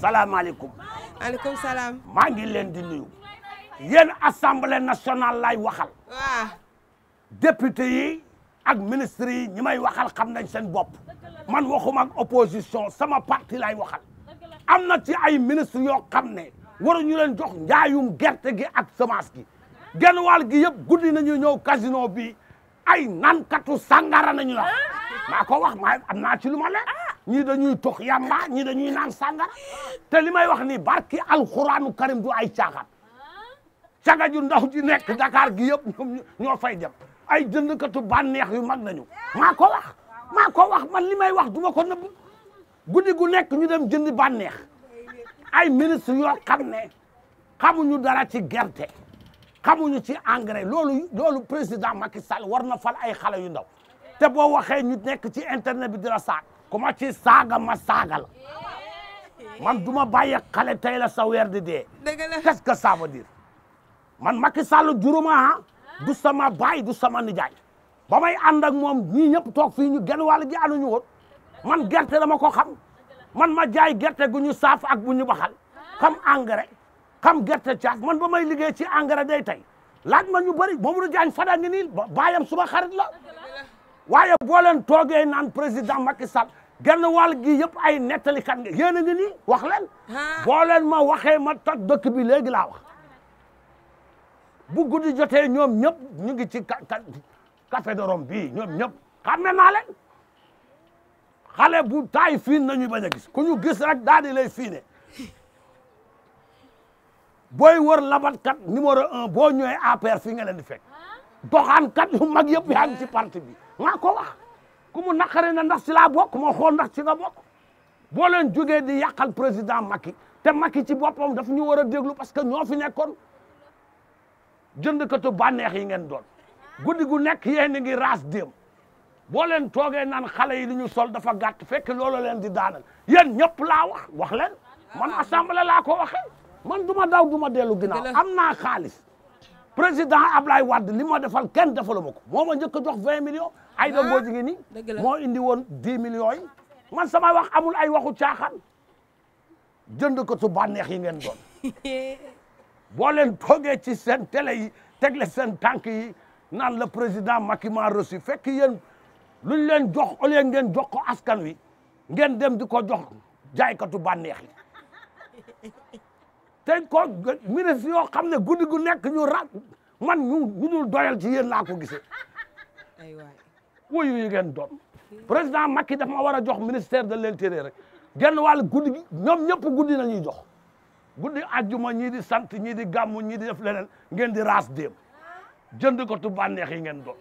salaamaaleykum. maaleykum salaam. maa ngi leen di nuyu. yéen assemblée national lay waxal. waaw. yi ak ministre yi ñi may waxal xam nañ seen bopp. man waxuma ak opposition sama parti lay waxal. am na ci ay ministre yoo xam ne. waruñu leen jox njaayum gerte gi ak semence gi. genn wàll gi yëpp guddi nañu ñëw casino bi ay nankatu sangara nañu la. Ah. maa ko wax maa am naa ci lu ma leen. Ah. ñii dañuy toog yamba ñii dañuy naan sàngara te li may wax ni barki alxuraanu karim du ay caaxaan caga ju ndaw ji nekk Dakar gi yëpp ñoom ñoo fay dem ay jëndkatu bànneex yu mag nañu maa ko wax maa ko wax man li may wax du ma ko nëbb guddi gu nekk ñu dem jëndi bànneex ay ministre yoo xam ne xamuñu dara ci gerte xamuñu ci engrais loolu loolu président Macky Sall war na fal ay xale yu ndaw te boo waxee ñu nekk ci internet bi di la ku ma ci saaga ma saaga la man duma bàyyi xale tey la sa weer di dee qu'est-ce que ça man Macky Sall juruma ha ah, ah. du sama baay du sama nijaay ba may ànd ak moom ñii ñëpp toog fi ñu genn wàll gi anuñu woon man gerte dama ko xam man ma jaay gerte gu ñu saaf ak bu ñu baxal ah. xam engrais kam gerte caaf man ba may liggéey ci engrais day tey laaj ma ñu bari bëri Mamadou Diagne Fada ngi nii baayam suba xarit la waaye boo leen toogee naan président Macky Sall genn wàll gi yëpp ay nettalikat nga yéen a ngi ni wax leen. boo leen ma waxee ma toj dëkk bi léegi laa bu guddi jotee ñoom ñëpp ñu ngi ci café de Rome bii ñoom ñëpp xàmme naa leen xale bu taay fiin nañu bañ a gis ku ñu gis rek daal di lay fiine booy war wër labatkat numéro un boo ñëwee APR fii nga leen di fekk. doxaankat yu mag yëpp yaa ngi ci eh. parti bi maa ko wax ku mu naxaree na ndax ci laa bokk moo xool ndax ci nga bokk boo leen jógee di yàqal président Macky te Macky ci boppam dafa ñu war a déglu parce que ñoo fi nekkoon jëndkatu bànneex yi ngeen doon guddi gu nekk yéen a ngi raas déem boo leen toogee naan xale yi li ñu sol dafa gàtt fekk loolu leen di daanal yéen ñëpp laa wax wax leen man ah. assemblée laa ko wax man du ma daw du ma dellu ginnaaw am naa xaalis président Ablaye Wade li ma defal kenn defalu ma ko moo ma njëkk jox 20 millions. ay ah, da boo jigéen nii moo indi woon 10 millions yi. man sama wax amul ay waxu caaxaan jënd katu tu yi ngeen doon boo leen toogee ci seen télé yi tegle seen tànk yi naan la président Macky ma reçu fekk yéen luñ leen jox au ngeen jox ko askan wi ngeen dem di ko jox jaaykatu bànneex yi dañ ko ministre yoo xam ne guddi gu nekk ñu ra man ñu ñu dul doyal ci yéen laa ko gisee. aywa gen yi président Macky dafa ma war a jox ministère de l' intérieur rek genn wàll guddi gi ñoom ñëpp guddi na ñuy jox guddi àjjuma ñii di sant ñi di gàmmu ñi di def leneen ngeen di raas déem jënd ko tu bànneex yi ngeen doon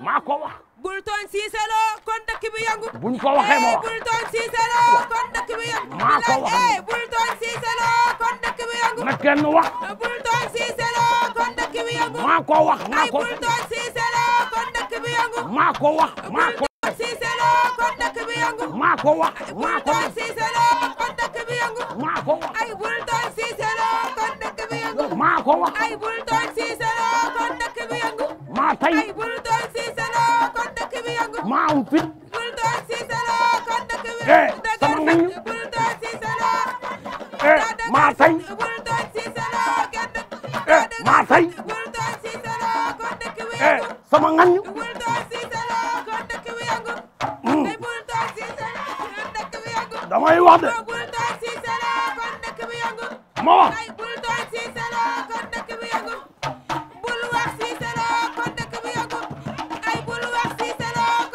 maa ko wax. bul toon Cissé Lo kon dëkk bi yëngu. buñ ko waxee ma wax bul toon Cissé Lo kon dëkk bi yëngu. maa ko wax kenn wax. bul toog Cissé Lo kon dëkk bi yëngu. maa ko wax maa ko. bul toog Cissé Lo kon dëkk bi yëngu. maa ko wax maa ko. bul toog Cissé Lo kon dëkk bi yëngu. maa ko wax maa ko. bul toog Cissé Lo kon dëkk bi yëngu. maa ko wax. ay bul toog Cissé Lo kon dëkk bi yëngu. maa ko wax. ay bul toog Cissé Lo kon dëkk bi yëngu. maa tay. ay bul toog Cissé Lo kon dëkk bi yëngu. maa am fit. bul toog Cissé Lo kon dëkk bi eh, yëngu. eh sama ngañ. bul toog Cissé Lo. eh maa tay. maa tay sama ngañu damay wax de ma wax